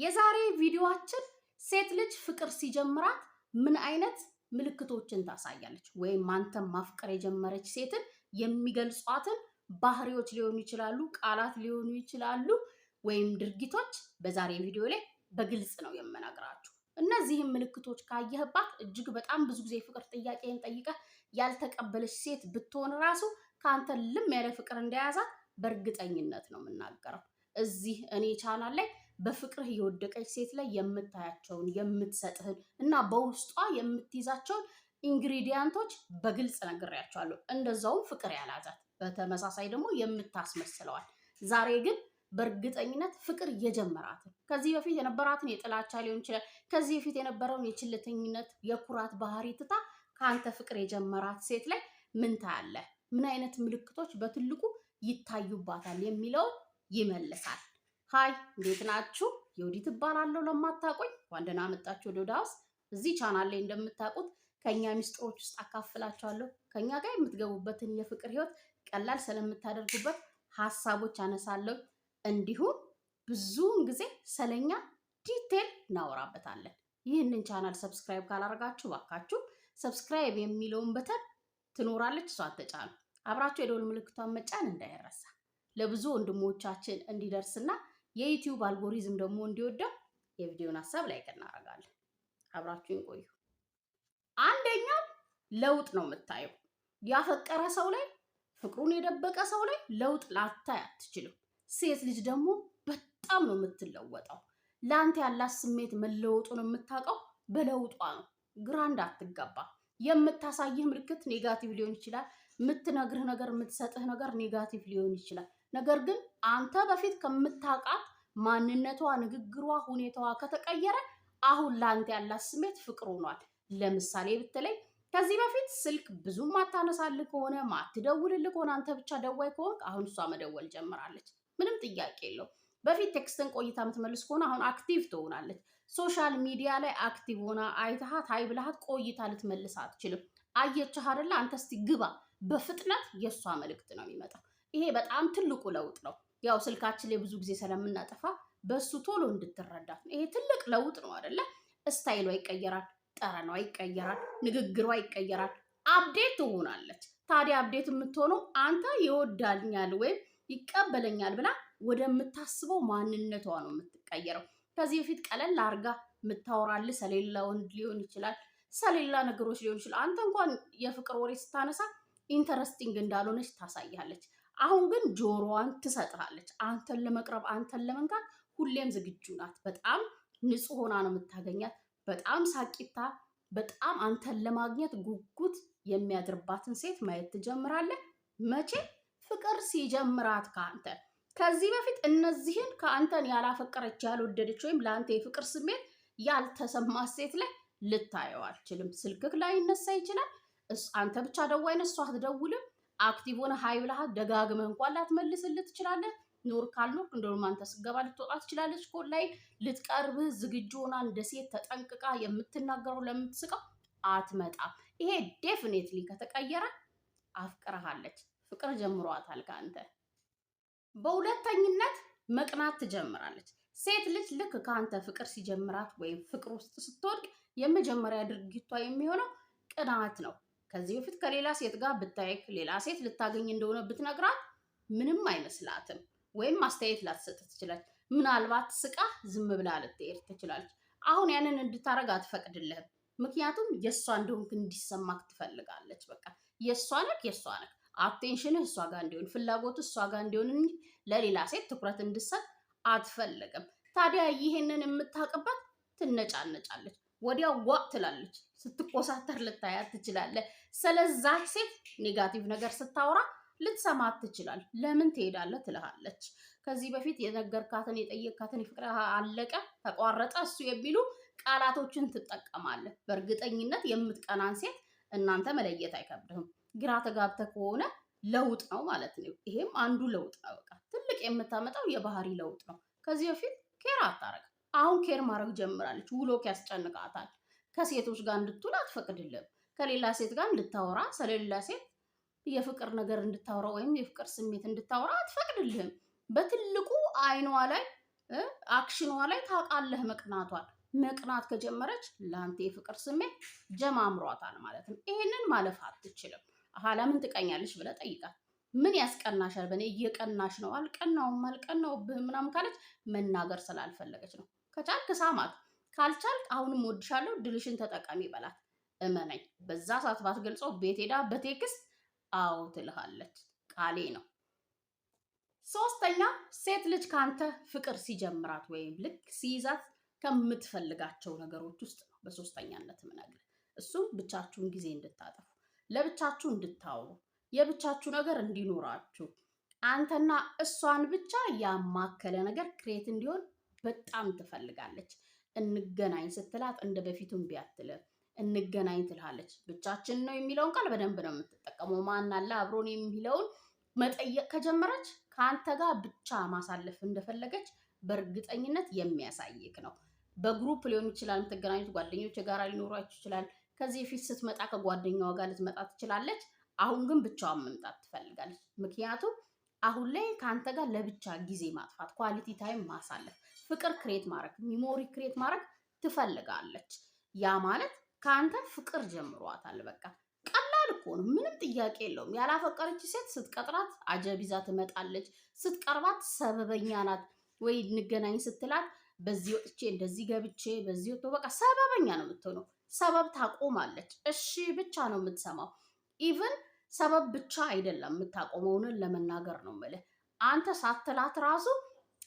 የዛሬ ቪዲዮአችን ሴት ልጅ ፍቅር ሲጀምራት ምን አይነት ምልክቶችን ታሳያለች ወይም አንተም ማፍቀር የጀመረች ሴትን የሚገልጿትን ባህሪዎች ሊሆኑ ይችላሉ፣ ቃላት ሊሆኑ ይችላሉ፣ ወይም ድርጊቶች በዛሬ ቪዲዮ ላይ በግልጽ ነው የምነግራችሁ። እነዚህም ምልክቶች ካየህባት እጅግ በጣም ብዙ ጊዜ ፍቅር ጥያቄን ጠይቀ ያልተቀበለች ሴት ብትሆን ራሱ ከአንተ ልም ያለ ፍቅር እንደያዛት በእርግጠኝነት ነው የምናገረው። እዚህ እኔ ቻናል ላይ በፍቅርህ የወደቀች ሴት ላይ የምታያቸውን የምትሰጥህን እና በውስጧ የምትይዛቸውን ኢንግሪዲያንቶች በግልጽ ነግሬያቸዋለሁ። እንደዛውም ፍቅር ያላዛት በተመሳሳይ ደግሞ የምታስመስለዋል። ዛሬ ግን በእርግጠኝነት ፍቅር የጀመራትን ከዚህ በፊት የነበራትን የጥላቻ ሊሆን ይችላል፣ ከዚህ በፊት የነበረውን የችልተኝነት የኩራት ባህሪ ትታ ከአንተ ፍቅር የጀመራት ሴት ላይ ምን ታያለህ? ምን አይነት ምልክቶች በትልቁ ይታዩባታል የሚለውን ይመልሳል። ሀይ እንዴት ናችሁ? የወዲት እባላለሁ። ለማታቆኝ እንኳን ደህና መጣችሁ ወደ ዮድ ሃውስ። እዚህ ቻናል ላይ እንደምታውቁት ከኛ ሚስጥሮች ውስጥ አካፍላችኋለሁ። ከኛ ጋር የምትገቡበትን የፍቅር ህይወት ቀላል ስለምታደርጉበት ሀሳቦች አነሳለሁ። እንዲሁም ብዙውን ጊዜ ስለኛ ዲቴል እናወራበታለን። ይህንን ቻናል ሰብስክራይብ ካላደረጋችሁ ባካችሁ ሰብስክራይብ የሚለውን በተን ትኖራለች፣ እሷ ተጫኑ። አብራችሁ የደወል ምልክቷን መጫን እንዳይረሳ ለብዙ ወንድሞቻችን እንዲደርስና የዩቲዩብ አልጎሪዝም ደግሞ እንዲወደው የቪዲዮን ሀሳብ ላይክ እናደርጋለን። አብራችሁን ቆዩ። አንደኛው ለውጥ ነው የምታየው። ያፈቀረ ሰው ላይ ፍቅሩን የደበቀ ሰው ላይ ለውጥ ላታይ አትችልም። ሴት ልጅ ደግሞ በጣም ነው የምትለወጠው። ለአንተ ያላት ስሜት መለወጡን የምታውቀው በለውጧ ነው። ግራ አትጋባ የምታሳይህ ምልክት ኔጋቲቭ ሊሆን ይችላል። የምትነግርህ ነገር፣ የምትሰጥህ ነገር ኔጋቲቭ ሊሆን ይችላል። ነገር ግን አንተ በፊት ከምታውቃት ማንነቷ፣ ንግግሯ፣ ሁኔታዋ ከተቀየረ አሁን ለአንተ ያላት ስሜት ፍቅር ሆኗል። ለምሳሌ በተለይ ከዚህ በፊት ስልክ ብዙም አታነሳልህ ከሆነ ማትደውልልህ ከሆነ አንተ ብቻ ደዋይ ከሆንክ አሁን እሷ መደወል ጀምራለች። ምንም ጥያቄ የለው። በፊት ቴክስትን ቆይታ የምትመልስ ከሆነ አሁን አክቲቭ ትሆናለች። ሶሻል ሚዲያ ላይ አክቲቭ ሆና አይተሃት ሀይ ብልሃት ቆይታ ልትመልስ አትችልም። አየችህ አይደለ? አንተ እስቲ ግባ። በፍጥነት የእሷ መልእክት ነው የሚመጣው። ይሄ በጣም ትልቁ ለውጥ ነው። ያው ስልካችን ላይ ብዙ ጊዜ ስለምናጠፋ በሱ ቶሎ እንድትረዳት ነው። ይሄ ትልቅ ለውጥ ነው አደለ ስታይሏ ይቀየራል፣ ጠረኗ ይቀየራል፣ ንግግሯ ይቀየራል፣ አብዴት ትሆናለች። ታዲያ አብዴት የምትሆነው አንተ ይወዳልኛል ወይም ይቀበለኛል ብላ ወደምታስበው ማንነቷ ነው የምትቀየረው። ከዚህ በፊት ቀለል አርጋ የምታወራልህ ስለሌላ ወንድ ሊሆን ይችላል፣ ስለሌላ ነገሮች ሊሆን ይችላል። አንተ እንኳን የፍቅር ወሬ ስታነሳ ኢንተረስቲንግ እንዳልሆነች ታሳያለች። አሁን ግን ጆሮዋን ትሰጥሃለች። አንተን ለመቅረብ አንተን ለመንካት ሁሌም ዝግጁ ናት። በጣም ንጹህ ሆና ነው የምታገኛት። በጣም ሳቂታ፣ በጣም አንተን ለማግኘት ጉጉት የሚያድርባትን ሴት ማየት ትጀምራለህ። መቼ ፍቅር ሲጀምራት ከአንተ ከዚህ በፊት እነዚህን ከአንተን ያላፈቀረች ያልወደደች ወይም ለአንተ የፍቅር ስሜት ያልተሰማት ሴት ላይ ልታየው አልችልም። ስልክክ ላይ ይነሳ ይችላል። አንተ ብቻ ደዋይነት፣ አይነሱ አትደውልም። አክቲቭ ሆነ ሀይ ብለሃት ደጋግመህ እንኳን ላትመልስልህ ትችላለህ። ኖር ካልኖር እንደውም አንተ ስገባ ልትወጣ ትችላለች። ኮል ላይ ልትቀርብህ ዝግጁ ሆና እንደ ሴት ተጠንቅቃ የምትናገረው ለምትስቀው አትመጣም። ይሄ ዴፍኔትሊ ከተቀየረ አፍቅረሃለች፣ ፍቅር ጀምሯታል ከአንተ። በሁለተኝነት መቅናት ትጀምራለች። ሴት ልጅ ልክ ከአንተ ፍቅር ሲጀምራት ወይም ፍቅር ውስጥ ስትወድቅ የመጀመሪያ ድርጊቷ የሚሆነው ቅናት ነው። ከዚህ በፊት ከሌላ ሴት ጋር ብታይክ ሌላ ሴት ልታገኝ እንደሆነ ብትነግራት ምንም አይመስላትም፣ ወይም አስተያየት ላትሰጥ ትችላለች። ምናልባት ስቃ ዝም ብላ ልትሄድ ትችላለች። አሁን ያንን እንድታረግ አትፈቅድልህም። ምክንያቱም የእሷ እንደሆንክ እንዲሰማክ ትፈልጋለች። በቃ የእሷ ነክ የእሷ ነክ አቴንሽንህ እሷ ጋር እንዲሆን ፍላጎት እሷ ጋር እንዲሆን እንጂ ለሌላ ሴት ትኩረት እንድሰጥ አትፈልግም። ታዲያ ይህንን የምታውቅበት ትነጫነጫለች። ወዲያው ጓቅ ትላለች። ስትቆሳተር ልታያት ትችላለህ። ስለዛ ሴት ኔጋቲቭ ነገር ስታወራ ልትሰማት ትችላል። ለምን ትሄዳለህ ትልሃለች። ከዚህ በፊት የነገርካትን የጠየቅካትን ፍቅር አለቀ ተቋረጠ እሱ የሚሉ ቃላቶችን ትጠቀማለህ። በእርግጠኝነት የምትቀናን ሴት እናንተ መለየት አይከብድህም። ግራ ተጋብተህ ከሆነ ለውጥ ነው ማለት ነው። ይሄም አንዱ ለውጥ ነው። በቃ ትልቅ የምታመጣው የባህሪ ለውጥ ነው። ከዚህ በፊት ኬራ አታረግ አሁን ኬር ማድረግ ጀምራለች። ውሎክ ያስጨንቃታል። ከሴቶች ጋር እንድትውል አትፈቅድልም። ከሌላ ሴት ጋር እንድታወራ ስለሌላ ሴት የፍቅር ነገር እንድታወራ ወይም የፍቅር ስሜት እንድታወራ አትፈቅድልህም። በትልቁ አይኗ ላይ አክሽኗ ላይ ታውቃለህ መቅናቷል። መቅናት ከጀመረች ለአንተ የፍቅር ስሜት ጀማምሯታል ማለት ነው። ይሄንን ማለፍ አትችልም። አኋላ ምን ትቀኛለች ብለህ ጠይቃት። ምን ያስቀናሻል? በእኔ እየቀናሽ ነው። አልቀናውም አልቀናውብህም ምናምን ካለች መናገር ስላልፈለገች ነው። ከቻልክ ሳማት፣ ካልቻልክ አሁንም ወድሻለሁ ድልሽን ተጠቀሚ በላት። እመነኝ፣ በዛ ሰዓት ባትገልጸው ቤት ሄዳ በቴክስት አዎ ትልሃለች። ቃሌ ነው። ሶስተኛ ሴት ልጅ ካንተ ፍቅር ሲጀምራት ወይም ልክ ሲይዛት ከምትፈልጋቸው ነገሮች ውስጥ ነው። በሶስተኛነት ምነግር እሱም ብቻችሁን ጊዜ እንድታጠፉ፣ ለብቻችሁ እንድታወሩ፣ የብቻችሁ ነገር እንዲኖራችሁ፣ አንተና እሷን ብቻ ያማከለ ነገር ክሬት እንዲሆን በጣም ትፈልጋለች። እንገናኝ ስትላት እንደ በፊቱ ቢያትል እንገናኝ ትልሃለች። ብቻችን ነው የሚለውን ቃል በደንብ ነው የምትጠቀመው። ማን አለ አብሮን የሚለውን መጠየቅ ከጀመረች ከአንተ ጋር ብቻ ማሳለፍ እንደፈለገች በእርግጠኝነት የሚያሳይክ ነው። በግሩፕ ሊሆን ይችላል የምትገናኙት፣ ጓደኞች የጋራ ሊኖሯችሁ ይችላል። ከዚህ ፊት ስትመጣ ከጓደኛዋ ጋር ልትመጣ ትችላለች። አሁን ግን ብቻዋን መምጣት ትፈልጋለች። ምክንያቱም አሁን ላይ ከአንተ ጋር ለብቻ ጊዜ ማጥፋት፣ ኳሊቲ ታይም ማሳለፍ፣ ፍቅር ክሬት ማድረግ፣ ሚሞሪ ክሬት ማድረግ ትፈልጋለች። ያ ማለት ከአንተ ፍቅር ጀምሯታል። በቃ ቀላል እኮ ነው፣ ምንም ጥያቄ የለውም። ያላፈቀረች ሴት ስትቀጥራት አጀብ ይዛ ትመጣለች። ስትቀርባት ሰበበኛ ናት። ወይ እንገናኝ ስትላት በዚህ ወጥቼ እንደዚህ ገብቼ በዚህ ወጥቶ በቃ ሰበበኛ ነው የምትሆነው። ሰበብ ታቆማለች። እሺ ብቻ ነው የምትሰማው ኢቨን ሰበብ ብቻ አይደለም የምታቆመውንን ለመናገር ነው የምልህ። አንተ ሳትላት ራሱ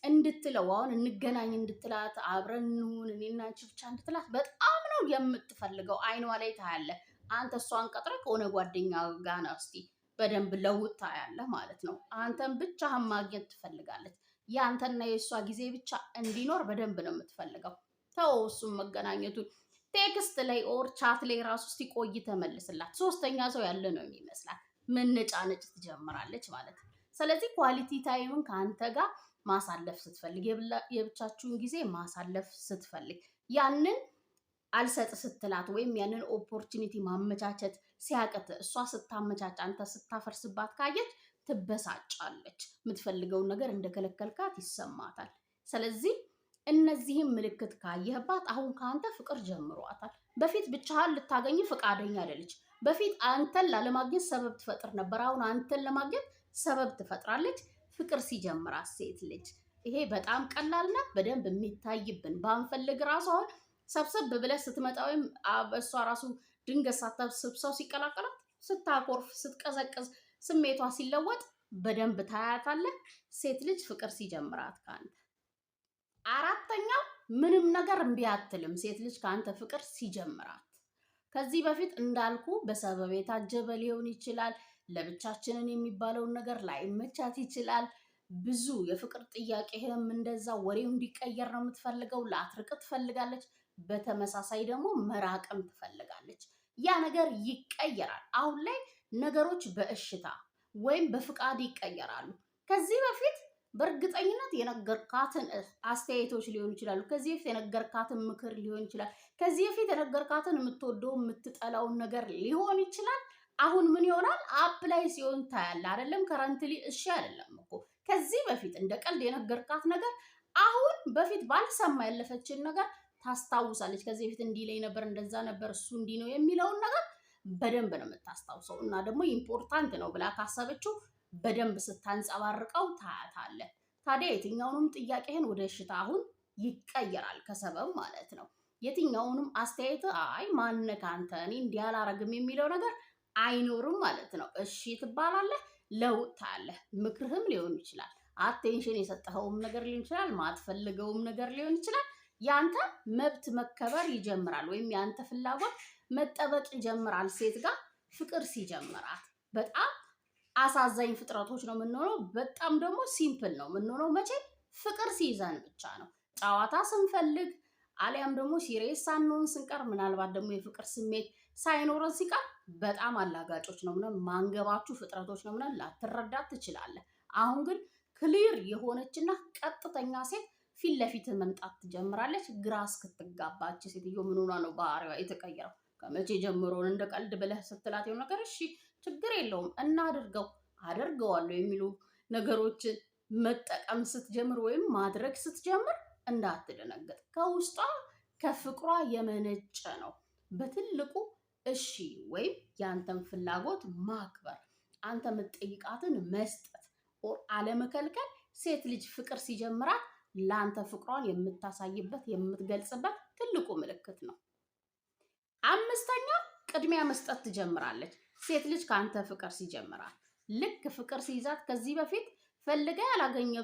እንድትለው አሁን እንገናኝ እንድትላት አብረን እንሁን እኔና አንቺ ብቻ እንድትላት በጣም ነው የምትፈልገው። አይኗ ላይ ታያለህ። አንተ እሷን ቀጥረህ ከሆነ ጓደኛ ጋና እስቲ በደንብ ለውጥ ታያለህ ማለት ነው። አንተን ብቻህን ማግኘት ትፈልጋለች። የአንተና የእሷ ጊዜ ብቻ እንዲኖር በደንብ ነው የምትፈልገው። ተው እሱም መገናኘቱን ቴክስት ላይ ኦር ቻት ላይ ራሱ ሲቆይ ተመልስላት። ሶስተኛ ሰው ያለ ነው የሚመስላት መነጫነጭ ትጀምራለች ማለት ነው። ስለዚህ ኳሊቲ ታይምን ከአንተ ጋር ማሳለፍ ስትፈልግ፣ የብቻችሁን ጊዜ ማሳለፍ ስትፈልግ ያንን አልሰጥ ስትላት ወይም ያንን ኦፖርቹኒቲ ማመቻቸት ሲያቅት እሷ ስታመቻች አንተ ስታፈርስባት ካየች ትበሳጫለች። የምትፈልገውን ነገር እንደከለከልካት ይሰማታል። ስለዚህ እነዚህም ምልክት ካየህባት አሁን ከአንተ ፍቅር ጀምሯታል። በፊት ብቻህን ልታገኝ ፈቃደኛ አይደለች። በፊት አንተን ላለማግኘት ሰበብ ትፈጥር ነበር። አሁን አንተን ለማግኘት ሰበብ ትፈጥራለች። ፍቅር ሲጀምራት ሴት ልጅ ይሄ በጣም ቀላልና በደንብ የሚታይብን ባንፈልግ ራሱ አሁን ሰብሰብ ብለህ ስትመጣ ወይም እሷ ራሱ ድንገት ሳታስብ ሰው ሲቀላቀላት ስታኮርፍ፣ ስትቀዘቅዝ፣ ስሜቷ ሲለወጥ በደንብ ታያታለህ። ሴት ልጅ ፍቅር ሲጀምራት ከአንተ አራተኛው ምንም ነገር እምቢ አትልም ሴት ልጅ ከአንተ ፍቅር ሲጀምራት። ከዚህ በፊት እንዳልኩ በሰበብ የታጀበ ሊሆን ይችላል። ለብቻችንን የሚባለውን ነገር መቻት ይችላል። ብዙ የፍቅር ጥያቄህም እንደዛ ወሬው እንዲቀየር ነው የምትፈልገው። ላትርቅ ትፈልጋለች። በተመሳሳይ ደግሞ መራቅም ትፈልጋለች። ያ ነገር ይቀየራል። አሁን ላይ ነገሮች በእሽታ ወይም በፍቃድ ይቀየራሉ። ከዚህ በፊት በእርግጠኝነት የነገርካትን አስተያየቶች ሊሆኑ ይችላሉ። ከዚህ በፊት የነገርካትን ምክር ሊሆን ይችላል። ከዚህ በፊት የነገርካትን የምትወደው የምትጠላውን ነገር ሊሆን ይችላል። አሁን ምን ይሆናል? አፕ ላይ ሲሆን ታያለ አደለም? ከረንትሊ እሺ፣ አይደለም እኮ ከዚህ በፊት እንደ ቀልድ የነገርካት ነገር አሁን በፊት ባልሰማ ያለፈችን ነገር ታስታውሳለች። ከዚህ በፊት እንዲህ ላይ ነበር፣ እንደዛ ነበር፣ እሱ እንዲህ ነው የሚለውን ነገር በደንብ ነው የምታስታውሰው እና ደግሞ ኢምፖርታንት ነው ብላ ካሰበችው በደንብ ስታንጸባርቀው ታያታለህ። ታዲያ የትኛውንም ጥያቄህን ወደ እሽታ አሁን ይቀየራል ከሰበብ ማለት ነው። የትኛውንም አስተያየት አይ ማነህ አንተ እኔ እንዲህ አላረግም የሚለው ነገር አይኖርም ማለት ነው። እሺ ትባላለህ፣ ለውጥ ታያለህ። ምክርህም ሊሆን ይችላል፣ አቴንሽን የሰጠኸውም ነገር ሊሆን ይችላል፣ ማትፈልገውም ነገር ሊሆን ይችላል። ያንተ መብት መከበር ይጀምራል፣ ወይም ያንተ ፍላጎት መጠበቅ ይጀምራል። ሴት ጋር ፍቅር ሲጀምራት በጣም አሳዛኝ ፍጥረቶች ነው የምንሆነው። በጣም ደግሞ ሲምፕል ነው የምንሆነው። መቼ ፍቅር ሲይዘን ብቻ ነው ጨዋታ ስንፈልግ፣ አሊያም ደግሞ ሲሬስ ሳንሆን ስንቀር፣ ምናልባት ደግሞ የፍቅር ስሜት ሳይኖረን ሲቀር በጣም አላጋጮች ነው ምናምን ማንገባችሁ ፍጥረቶች ነው ምናምን ላትረዳት ትችላለህ። አሁን ግን ክሊር የሆነችና ቀጥተኛ ሴት ፊት ለፊት መምጣት ትጀምራለች። ግራ እስክትጋባች ሴትዮ ምንሆኗ ነው ባህሪዋ የተቀየረው? ከመቼ ጀምሮን እንደ ቀልድ ብለህ ስትላት የሆነ ነገር እሺ፣ ችግር የለውም እናድርገው አደርገዋለሁ የሚሉ ነገሮችን መጠቀም ስትጀምር ወይም ማድረግ ስትጀምር እንዳትደነገጥ። ከውስጧ ከፍቅሯ የመነጨ ነው። በትልቁ እሺ ወይም የአንተን ፍላጎት ማክበር፣ አንተ የምትጠይቃትን መስጠት ኦር አለመከልከል ሴት ልጅ ፍቅር ሲጀምራት ለአንተ ፍቅሯን የምታሳይበት የምትገልጽበት ትልቁ ምልክት ነው። አምስተኛው ቅድሚያ መስጠት ትጀምራለች። ሴት ልጅ ከአንተ ፍቅር ሲጀምራል ልክ ፍቅር ሲይዛት ከዚህ በፊት ፈልጋ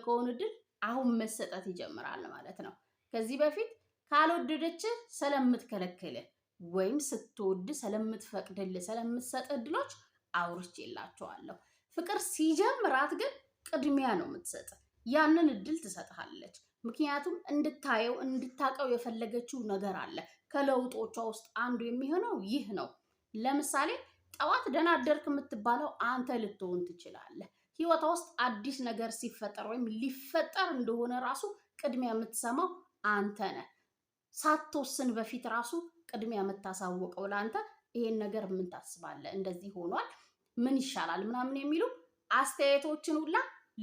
ከሆኑ እድል አሁን መሰጠት ይጀምራል ማለት ነው። ከዚህ በፊት ካልወደደች ስለምትከለክልህ ወይም ስትወድ ስለምትፈቅድል ስለምትሰጥ እድሎች አውርቼ የላቸዋለሁ። ፍቅር ሲጀምራት ግን ቅድሚያ ነው የምትሰጥ። ያንን እድል ትሰጥሃለች። ምክንያቱም እንድታየው እንድታቀው የፈለገችው ነገር አለ። ከለውጦቿ ውስጥ አንዱ የሚሆነው ይህ ነው። ለምሳሌ ጠዋት ደህና አደርክ የምትባለው አንተ ልትሆን ትችላለህ። ህይወቷ ውስጥ አዲስ ነገር ሲፈጠር ወይም ሊፈጠር እንደሆነ ራሱ ቅድሚያ የምትሰማው አንተ ነህ። ሳትወስን በፊት ራሱ ቅድሚያ የምታሳውቀው ለአንተ ይሄን ነገር ምን ታስባለህ፣ እንደዚህ ሆኗል፣ ምን ይሻላል፣ ምናምን የሚሉ አስተያየቶችን ሁላ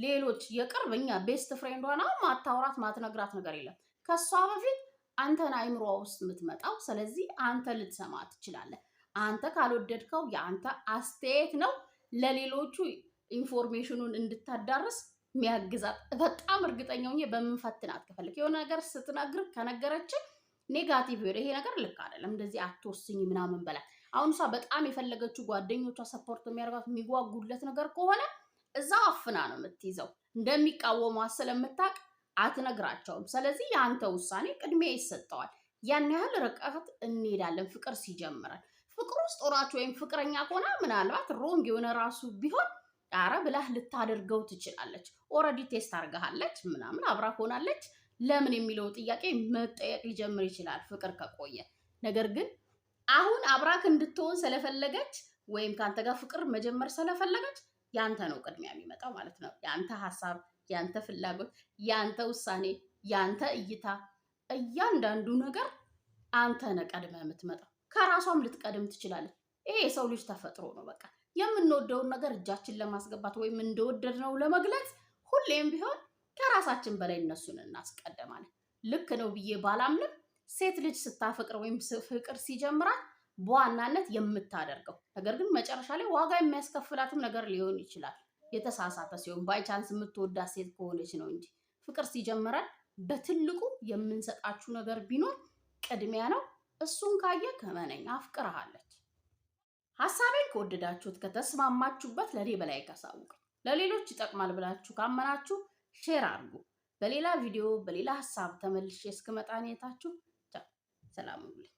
ሌሎች የቅርብ እኛ ቤስት ፍሬንዷን አሁን ማታውራት ማትነግራት ነገር የለም ከእሷ በፊት አንተን አይምሮ ውስጥ የምትመጣው። ስለዚህ አንተ ልትሰማ ትችላለህ። አንተ ካልወደድከው የአንተ አስተያየት ነው ለሌሎቹ ኢንፎርሜሽኑን እንድታዳርስ ሚያግዛት በጣም እርግጠኛ ሆኜ በምንፈትናት ከፈለክ የሆነ ነገር ስትነግር ከነገረችን ኔጋቲቭ ይሄ ነገር ልክ አይደለም፣ እንደዚህ አትወስኝ ምናምን በላት። አሁን እሷ በጣም የፈለገችው ጓደኞቿ ሰፖርት የሚያደርጓት የሚጓጉለት ነገር ከሆነ እዛ አፍና ነው የምትይዘው እንደሚቃወሟት ስለምታውቅ አትነግራቸውም። ስለዚህ የአንተ ውሳኔ ቅድሚያ ይሰጠዋል። ያን ያህል ርቀት እንሄዳለን ፍቅር ሲጀምረን ፍቅር ውስጥ ሆናችሁ ወይም ፍቅረኛ ከሆነ ምናልባት ሮንግ የሆነ ራሱ ቢሆን አረ ብላህ ልታደርገው ትችላለች። ኦልሬዲ ቴስት አርገሃለች ምናምን አብራ ሆናለች ለምን የሚለው ጥያቄ መጠየቅ ሊጀምር ይችላል ፍቅር ከቆየ። ነገር ግን አሁን አብራክ እንድትሆን ስለፈለገች ወይም ከአንተ ጋር ፍቅር መጀመር ስለፈለገች ያንተ ነው ቅድሚያ የሚመጣው ማለት ነው። የአንተ ሀሳብ ያንተ ፍላጎት፣ ያንተ ውሳኔ፣ ያንተ እይታ፣ እያንዳንዱ ነገር አንተ ነህ ቀድመህ የምትመጣው። ከራሷም ልትቀድም ትችላለች። ይሄ የሰው ልጅ ተፈጥሮ ነው። በቃ የምንወደውን ነገር እጃችን ለማስገባት ወይም እንደወደድነው ለመግለጽ ሁሌም ቢሆን ከራሳችን በላይ እነሱን እናስቀደማለን። ልክ ነው ብዬ ባላምንም ሴት ልጅ ስታፈቅር ወይም ፍቅር ሲጀምራት በዋናነት የምታደርገው ነገር ግን መጨረሻ ላይ ዋጋ የሚያስከፍላትም ነገር ሊሆን ይችላል። የተሳሳተ ሲሆን ባይቻንስ የምትወዳት ሴት ከሆነች ነው እንጂ ፍቅር ሲጀምረን በትልቁ የምንሰጣችሁ ነገር ቢኖር ቅድሚያ ነው። እሱን ካየ ከመነኛ አፍቅርሃለች። ሀሳቤን ከወደዳችሁት ከተስማማችሁበት፣ ለእኔ በላይ ካሳውቁኝ፣ ለሌሎች ይጠቅማል ብላችሁ ካመናችሁ ሼር አድርጉ። በሌላ ቪዲዮ በሌላ ሀሳብ ተመልሼ እስክመጣ ኔታችሁ ሰላም ሁኑልኝ።